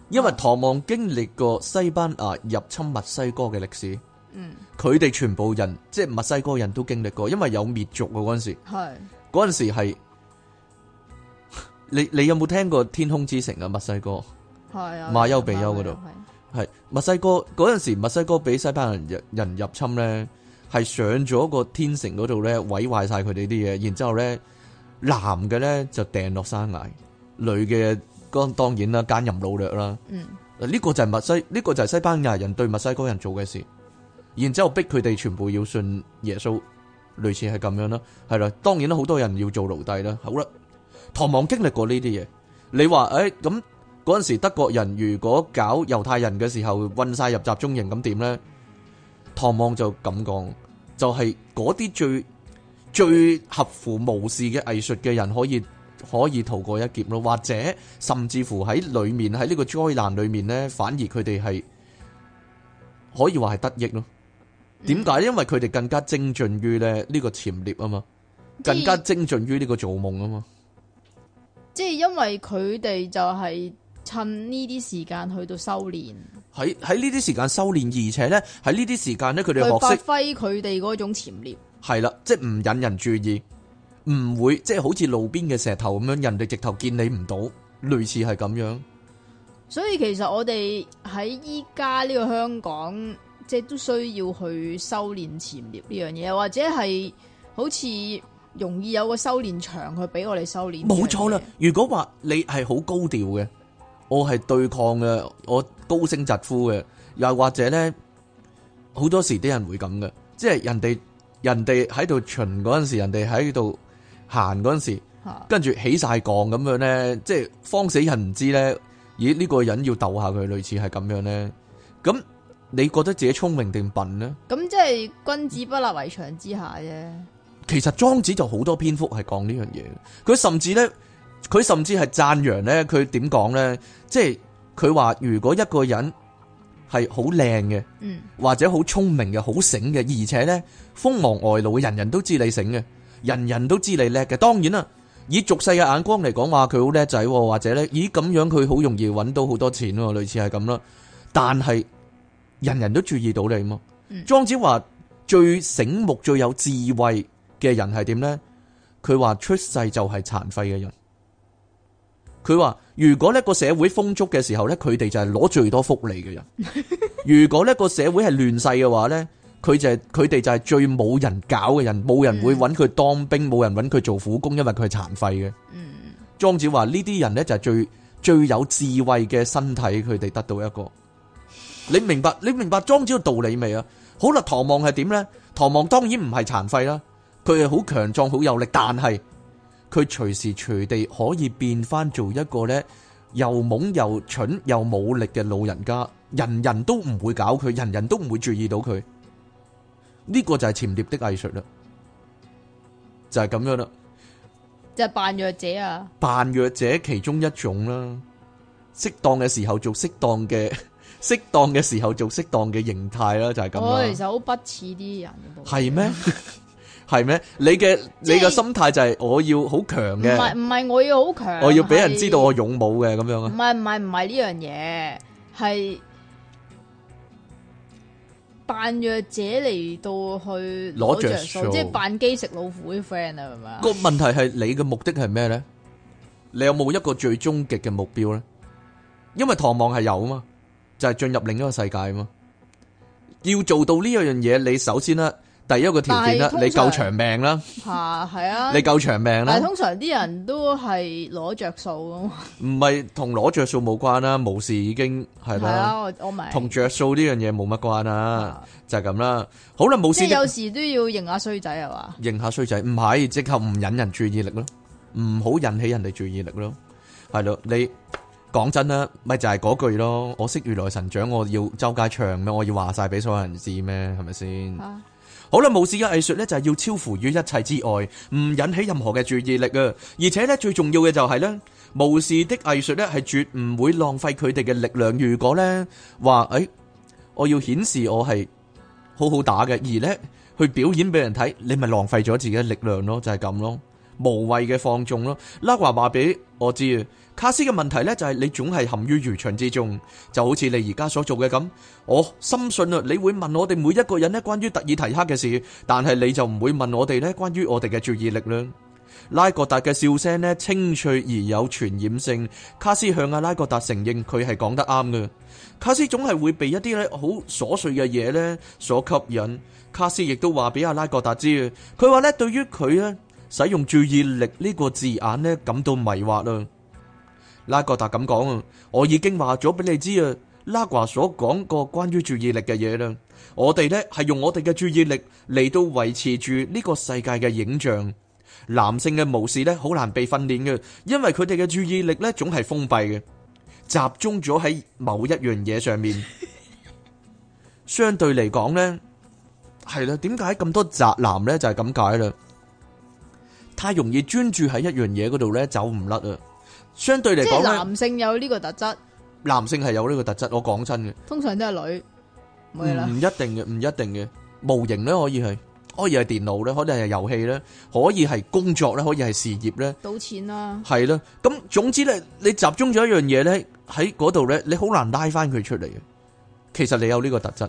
因為唐望經歷過西班牙入侵墨西哥嘅歷史。嗯，佢哋全部人，即係墨西哥人都經歷過，因為有滅族啊嗰陣時。係嗰陣時係，你你有冇聽過《天空之城》啊？墨西哥，係啊馬丘比丘嗰度。係墨西哥嗰陣時，墨西哥俾西班牙人人入侵咧，係上咗個天城嗰度咧，毀壞晒佢哋啲嘢，然之後咧，男嘅咧就掟落山崖，女嘅當當然啦，奸淫擄掠啦。嗯，呢個就係墨西呢、呢個就係西班牙人對墨西哥人做嘅事，然之後逼佢哋全部要信耶穌，類似係咁樣啦，係啦，當然啦，好多人要做奴隸啦。好啦，唐望經歷過呢啲嘢，你話誒咁。哎嗰陣時德國人如果搞猶太人嘅時候混晒入集中營咁點咧？唐望就咁講，就係嗰啲最最合乎無視嘅藝術嘅人可以可以逃過一劫咯，或者甚至乎喺裏面喺呢個災難裏面咧，反而佢哋係可以話係得益咯。點解？因為佢哋更加精進於咧呢個潛獵啊嘛，更加精進於呢個做夢啊嘛，即係因為佢哋就係。趁呢啲時間去到修煉，喺喺呢啲時間修煉，而且呢喺呢啲時間呢佢哋學識，發揮佢哋嗰種潛力。係啦，即係唔引人注意，唔會即係好似路邊嘅石頭咁樣，人哋直頭見你唔到，類似係咁樣。所以其實我哋喺依家呢個香港，即係都需要去修煉潛力呢樣嘢，或者係好似容易有個修煉場去俾我哋修煉。冇錯啦，如果話你係好高調嘅。我係對抗嘅，我高聲疾呼嘅，又或者咧，好多時啲人會咁嘅，即係人哋人哋喺度巡嗰陣時，人哋喺度行嗰陣時，時啊、跟住起晒槓咁樣咧，即係慌死人唔知咧，咦呢、呢個人要鬥下佢，類似係咁樣咧，咁你覺得自己聰明定笨咧？咁即係君子不立圍牆之下啫。其實莊子就好多篇幅係講呢樣嘢，佢、嗯、甚至咧。佢甚至係讚揚咧，佢點講咧？即係佢話如果一個人係好靚嘅，嗯、或者好聰明嘅、好醒嘅，而且咧鋒芒外露嘅，人人都知你醒嘅，人人都知你叻嘅。當然啦，以俗世嘅眼光嚟講話，佢好叻仔，或者咧，咦咁樣佢好容易搵到好多錢咯，類似係咁啦。但係人人都注意到你嘛？嗯、莊子話最醒目、最有智慧嘅人係點咧？佢話出世就係殘廢嘅人。佢話如果呢個社會豐足嘅時候呢，佢哋就係攞最多福利嘅人；如果呢個社會係亂世嘅話呢，佢就係佢哋就係最冇人搞嘅人，冇人會揾佢當兵，冇人揾佢做苦工，因為佢係殘廢嘅。莊子話呢啲人呢就係最最有智慧嘅身體，佢哋得到一個。你明白？你明白莊子嘅道理未啊？好啦，唐望係點呢？唐望當然唔係殘廢啦，佢係好強壯、好有力，但係。佢隨時隨地可以變翻做一個咧又懵又蠢又冇力嘅老人家，人人都唔會搞佢，人人都唔會注意到佢。呢、這個就係潛獵的藝術啦，就係、是、咁樣啦。就係扮弱者啊！扮弱者其中一種啦，適當嘅時候做適當嘅，適當嘅時候做適當嘅形態啦，就係咁啦。我其實好不似啲人，係咩是嗎？ 係咩？你嘅你嘅心態就係我要好強嘅，唔係唔係我要好強，我要俾人知道我勇武嘅咁樣啊？唔係唔係唔係呢樣嘢，係扮弱者嚟到去攞着數，即係扮雞食老虎啲 friend 係咪？個問題係你嘅目的係咩咧？你有冇一個最終極嘅目標咧？因為唐望係有啊嘛，就係進入另一個世界啊嘛。要做到呢樣嘢，你首先咧。第一個條件啦，你夠長命啦，係係啊，啊你夠長命啦。但係通常啲人都係攞着數噶，唔係同攞着數冇關啦，冇事已經係啦。同着數呢樣嘢冇乜關啦，就係咁啦。好啦，冇事。即係有時都要認下衰仔係嘛？認下衰仔唔係，即刻唔引人注意力咯，唔好引起人哋注意力咯。係咯，啊，你講真啦，咪就係、是、嗰句咯。我識如來神掌，我要周街唱咩？我要話晒俾所有人知咩？係咪先？啊好啦，巫士嘅藝術咧就係要超乎於一切之外，唔引起任何嘅注意力啊！而且咧最重要嘅就係咧，巫士的藝術咧係絕唔會浪費佢哋嘅力量。如果咧話誒，我要顯示我係好好打嘅，而咧去表演俾人睇，你咪浪費咗自己嘅力量咯，就係咁咯，無謂嘅放縱咯。拉華話俾我知啊！卡斯嘅問題呢，就係你總係陷於如場之中，就好似你而家所做嘅咁。我、哦、深信啊，你會問我哋每一個人呢，關於特爾提克嘅事，但係你就唔會問我哋呢，關於我哋嘅注意力啦。拉各達嘅笑聲呢，清脆而有傳染性。卡斯向阿拉各達承認佢係講得啱嘅。卡斯總係會被一啲咧好瑣碎嘅嘢呢所吸引。卡斯亦都話俾阿拉各達知，啊，佢話咧對於佢咧使用注意力呢個字眼呢，感到迷惑啦。拉格達咁講啊，我已經話咗俾你知啊，拉華所講過關於注意力嘅嘢啦，我哋咧係用我哋嘅注意力嚟到維持住呢個世界嘅影像。男性嘅無視咧好難被訓練嘅，因為佢哋嘅注意力咧總係封閉嘅，集中咗喺某一樣嘢上面。相對嚟講咧，係啦，點解咁多宅男咧就係咁解啦？太容易專注喺一樣嘢嗰度咧，走唔甩啊！相對嚟講，即係男性有呢個特質，男性係有呢個特質，我講真嘅。通常都係女，唔唔一定嘅，唔一定嘅，模型咧可以係，可以係電腦咧，可能係遊戲咧，可以係工作咧，可以係事業咧，賭錢啦，係啦。咁總之咧，你集中咗一樣嘢咧喺嗰度咧，你好難拉翻佢出嚟嘅。其實你有呢個特質，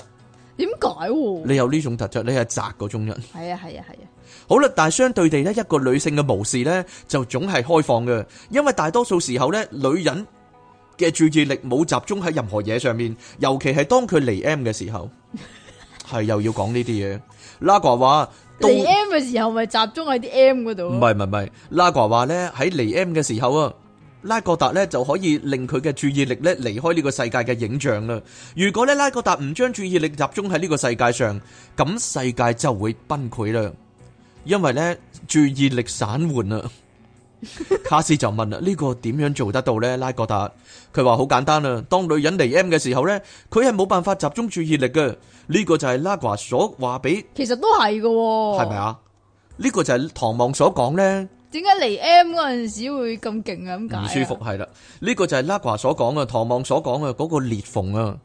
點解？你有呢種特質，你係宅嗰種人，係啊，係啊，係啊。好啦，但係相對地咧，一個女性嘅模式咧就總係開放嘅，因為大多數時候咧，女人嘅注意力冇集中喺任何嘢上面，尤其係當佢離 M 嘅時候，係又要講呢啲嘢。拉哥話離 M 嘅時候，咪集中喺啲 M 嗰度？唔係唔係唔係，拉哥話咧喺離 M 嘅時候啊，拉哥達咧就可以令佢嘅注意力咧離開呢個世界嘅影像啦。如果咧拉哥達唔將注意力集中喺呢個世界上，咁世界就會崩潰啦。因為咧注意力散渙啊，卡斯就問啦：呢個點樣做得到咧？拉哥達佢話好簡單啊，當女人嚟 M 嘅時候咧，佢係冇辦法集中注意力嘅。呢個就係拉瓜所話俾，其實都係嘅，係咪啊？呢個就係唐望所講咧。點解嚟 M 嗰陣時會咁勁啊？咁唔舒服係啦。呢個就係拉瓜所講啊，唐望所講啊，嗰個裂縫啊，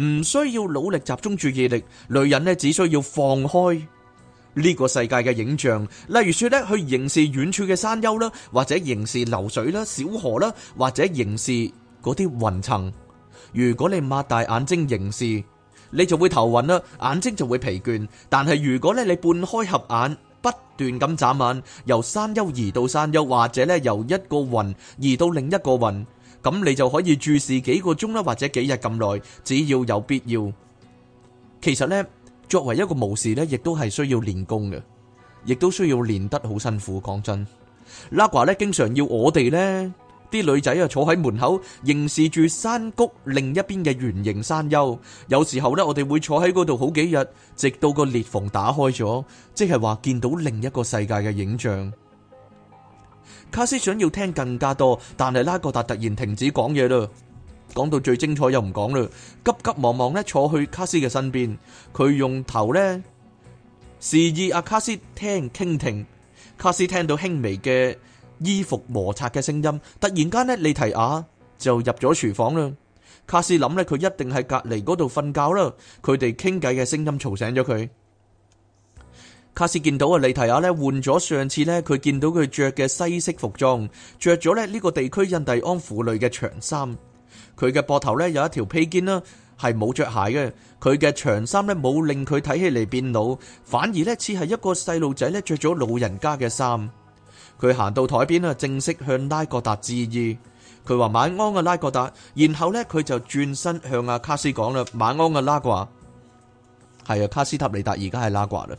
唔需要努力集中注意力，女人咧只需要放開。呢個世界嘅影像，例如說咧去凝視遠處嘅山丘啦，或者凝視流水啦、小河啦，或者凝視嗰啲雲層。如果你擘大眼睛凝視，你就會頭暈啦，眼睛就會疲倦。但係如果咧你半開合眼，不斷咁眨眼，由山丘移到山丘，或者咧由一個雲移到另一個雲，咁你就可以注視幾個鐘啦，或者幾日咁耐，只要有必要。其實呢。作為一個巫士呢，亦都係需要練功嘅，亦都需要練得好辛苦。講真，拉瓜呢經常要我哋呢啲女仔啊坐喺門口，凝視住山谷另一邊嘅圓形山丘。有時候呢，我哋會坐喺嗰度好幾日，直到個裂縫打開咗，即係話見到另一個世界嘅影像。卡斯想要聽更加多，但係拉格達突然停止講嘢啦。講到最精彩又唔講啦，急急忙忙咧坐去卡斯嘅身邊，佢用頭咧示意阿、啊、卡斯聽傾聽。卡斯聽到輕微嘅衣服摩擦嘅聲音，突然間呢，利提亞就入咗廚房啦。卡斯諗呢，佢一定係隔籬嗰度瞓覺啦，佢哋傾偈嘅聲音吵醒咗佢。卡斯見到啊，利提亞咧換咗上次呢，佢見到佢着嘅西式服裝，着咗咧呢個地區印第安婦女嘅長衫。佢嘅膊頭咧有一條披肩啦，係冇着鞋嘅。佢嘅長衫咧冇令佢睇起嚟變老，反而咧似係一個細路仔咧着咗老人家嘅衫。佢行到台邊啦，正式向拉各達致意。佢話晚安啊，拉各達。然後咧佢就轉身向阿卡斯講啦，晚安啊，拉掛。係啊，卡斯塔尼達而家係拉掛啦。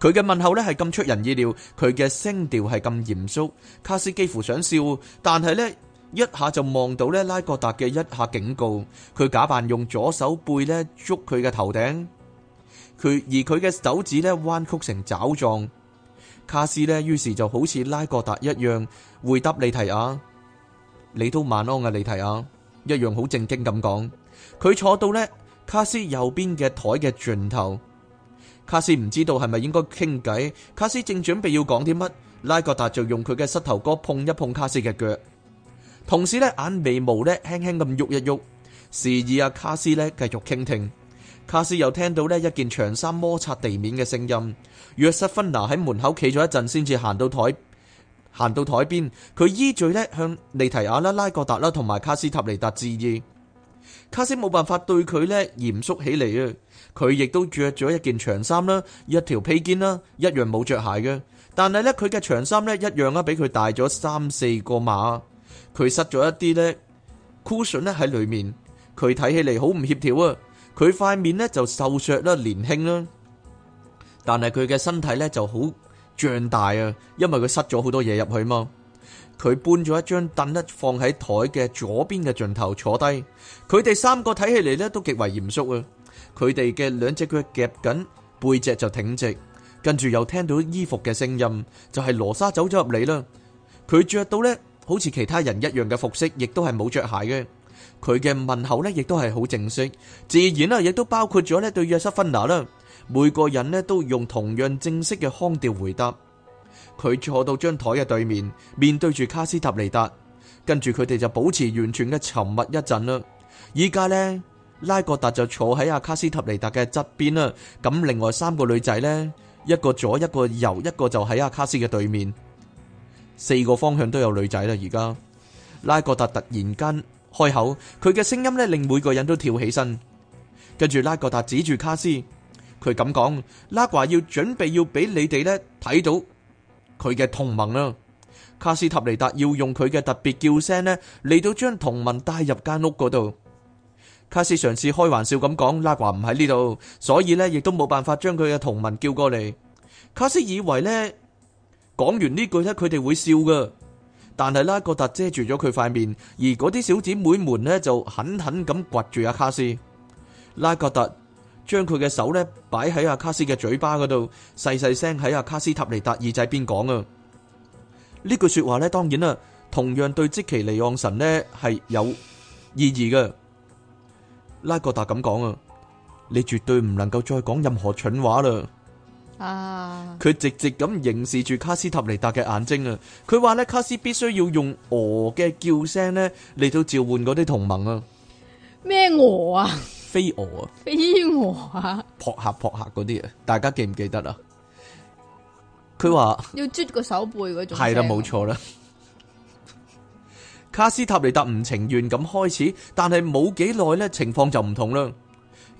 佢嘅問候咧係咁出人意料，佢嘅聲調係咁嚴肅。卡斯幾乎想笑，但係咧。一下就望到咧，拉各達嘅一下警告，佢假扮用左手背咧捉佢嘅頭頂，佢而佢嘅手指咧彎曲成爪狀。卡斯咧，於是就好似拉各達一樣回答李提亞，你都晚安啊，李提亞一樣好正經咁講。佢坐到咧卡斯右邊嘅台嘅盡頭，卡斯唔知道係咪應該傾偈，卡斯正準備要講啲乜，拉各達就用佢嘅膝頭哥碰一碰卡斯嘅腳。同時咧，眼眉毛咧輕輕咁喐一喐，示意阿卡斯咧繼續傾聽。卡斯又聽到咧一件長衫摩擦地面嘅聲音。約瑟芬娜喺門口企咗一陣，先至行到台行到台邊。佢依序咧向尼提亞啦、拉各達啦同埋卡斯塔尼達致意。卡斯冇辦法對佢咧嚴肅起嚟啊！佢亦都着咗一件長衫啦，一條披肩啦，一樣冇着鞋嘅。但係咧，佢嘅長衫咧一樣啊，比佢大咗三四個碼。佢塞咗一啲咧，cushion 咧喺裡面。佢睇起嚟好唔協調啊！佢塊面咧就瘦削啦、年輕啦，但係佢嘅身體咧就好脹大啊！因為佢塞咗好多嘢入去嘛。佢搬咗一張凳，咧放喺台嘅左邊嘅盡頭坐低。佢哋三個睇起嚟咧都極為嚴肅啊！佢哋嘅兩隻腳夾緊，背脊就挺直。跟住又聽到衣服嘅聲音，就係羅莎走咗入嚟啦。佢着到咧。好似其他人一樣嘅服飾，亦都係冇着鞋嘅。佢嘅問候呢，亦都係好正式，自然啦，亦都包括咗呢對約瑟芬娜啦。每個人呢，都用同樣正式嘅腔調回答。佢坐到張台嘅對面，面對住卡斯塔尼達，跟住佢哋就保持完全嘅沉默一陣啦。依家呢，拉格達就坐喺阿卡斯塔尼達嘅側邊啦。咁另外三個女仔呢，一個左，一個右，一個就喺阿卡斯嘅對面。四個方向都有女仔啦！而家拉格達突然間開口，佢嘅聲音咧令每個人都跳起身。跟住拉格達指住卡斯，佢咁講：拉瓜要準備要俾你哋呢睇到佢嘅同盟啦。卡斯塔尼達要用佢嘅特別叫聲呢嚟到將同盟帶入間屋嗰度。卡斯嘗試開玩笑咁講：拉瓜唔喺呢度，所以呢亦都冇辦法將佢嘅同盟叫過嚟。卡斯以為呢。講完呢句咧，佢哋會笑噶。但係拉哥特遮住咗佢塊面，而嗰啲小姐妹們呢，就狠狠咁掘住阿卡斯。拉哥特將佢嘅手呢擺喺阿卡斯嘅嘴巴嗰度，細細聲喺阿卡斯塔尼達耳仔邊講啊。呢句說話呢，當然啦，同樣對積奇尼昂神呢係有意義嘅。拉哥特咁講啊，你絕對唔能夠再講任何蠢話啦。啊！佢直直咁凝視住卡斯塔尼達嘅眼睛啊！佢話咧，卡斯必須要用鵝嘅叫聲呢嚟到召喚嗰啲同盟啊！咩鵝啊？飛蛾啊？飛蛾啊？撲下撲下嗰啲啊！大家記唔記得啊？佢話要啜個手背嗰種，係啦，冇錯啦！ 卡斯塔尼達唔情願咁開始，但係冇幾耐呢情況就唔同啦。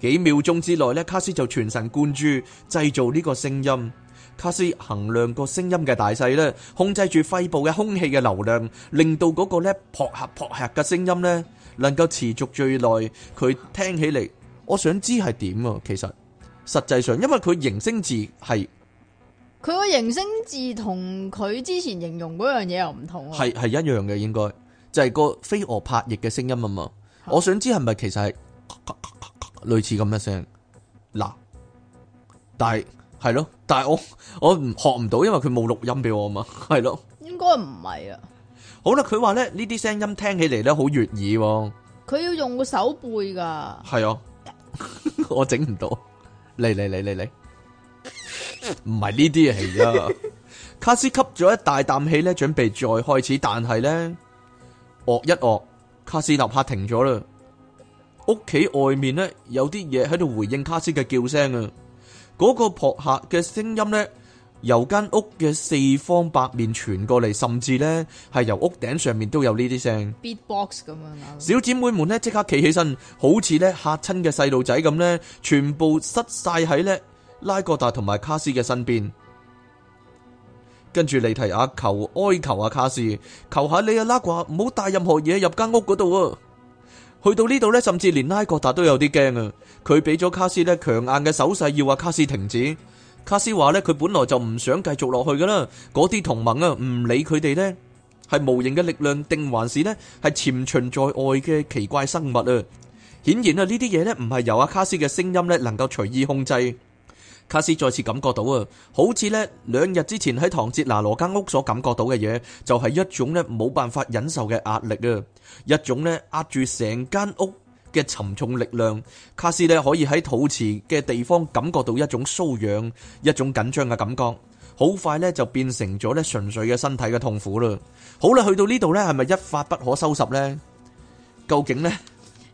幾秒鐘之內咧，卡斯就全神貫注製造呢個聲音。卡斯衡量個聲音嘅大細咧，控制住肺部嘅空氣嘅流量，令到嗰個咧撲合撲合嘅聲音咧能夠持續最耐。佢聽起嚟，我想知係點啊？其實實際上，因為佢形聲字係佢個形聲字同佢之前形容嗰樣嘢又唔同啊，係係一樣嘅，應該就係、是、個飛蛾拍翼嘅聲音啊嘛。的我想知係咪其實係？咳咳咳類似咁嘅聲，嗱，但係係咯，但係我我學唔到，因為佢冇錄音俾我啊嘛，係咯。應該唔係啊。好啦，佢話咧呢啲聲音聽起嚟，咧好悅耳。佢要用個手背噶。係啊，我整唔到。嚟嚟嚟嚟嚟，唔係呢啲啊。卡斯吸咗一大啖氣咧，準備再開始，但係咧，惡一惡，卡斯立刻停咗啦。屋企外面咧有啲嘢喺度回應卡斯嘅叫聲啊！嗰、那個撲客嘅聲音咧，由間屋嘅四方八面傳過嚟，甚至咧係由屋頂上面都有呢啲聲。Beatbox 咁樣。小姊妹們咧即刻企起身，好似咧吓親嘅細路仔咁咧，全部塞晒喺咧拉哥達同埋卡斯嘅身邊。跟住嚟提阿求哀求阿、啊、卡斯，求下你啊，拉哥唔好帶任何嘢入間屋嗰度啊！去到呢度呢，甚至連拉各達都有啲驚啊！佢俾咗卡斯呢強硬嘅手勢，要話卡斯停止。卡斯話呢，佢本來就唔想繼續落去噶啦。嗰啲同盟啊，唔理佢哋呢，係無形嘅力量，定還是呢？係潛藏在外嘅奇怪生物啊？顯然啊，呢啲嘢呢，唔係由阿卡斯嘅聲音呢能夠隨意控制。卡斯再次感覺到啊，好似呢兩日之前喺唐哲拿羅間屋所感覺到嘅嘢，就係一種呢冇辦法忍受嘅壓力啊，一種呢壓住成間屋嘅沉重力量。卡斯呢可以喺肚臍嘅地方感覺到一種瘙癢，一種緊張嘅感覺，好快呢就變成咗呢純粹嘅身體嘅痛苦啦。好啦，去到呢度呢係咪一發不可收拾呢？究竟呢？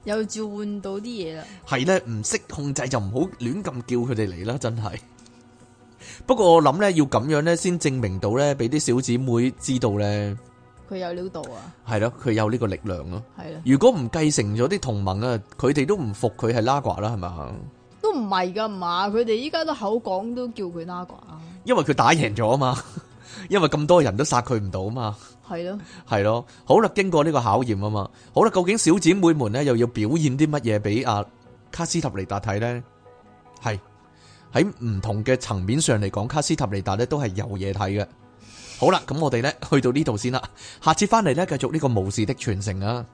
有召喚到啲嘢啦，係咧，唔識控制就唔好亂咁叫佢哋嚟啦，真係。不過我諗咧，要咁樣咧，先證明到咧，俾啲小姐妹知道咧，佢有料到啊。係咯，佢有呢個力量咯。係啦。如果唔繼承咗啲同盟啊，佢哋都唔服佢係拉掛啦，係咪？都唔係噶嘛，佢哋依家都口講都叫佢拉掛，因為佢打贏咗啊嘛，因為咁多人都殺佢唔到啊嘛。係咯，係咯，好啦，經過呢個考驗啊嘛，好啦，究竟小姐妹們呢又要表現啲乜嘢俾阿卡斯塔尼達睇呢？係喺唔同嘅層面上嚟講，卡斯塔尼達呢都係有嘢睇嘅。好啦，咁我哋呢去到呢度先啦，下次翻嚟呢，繼續呢個巫士的傳承啊。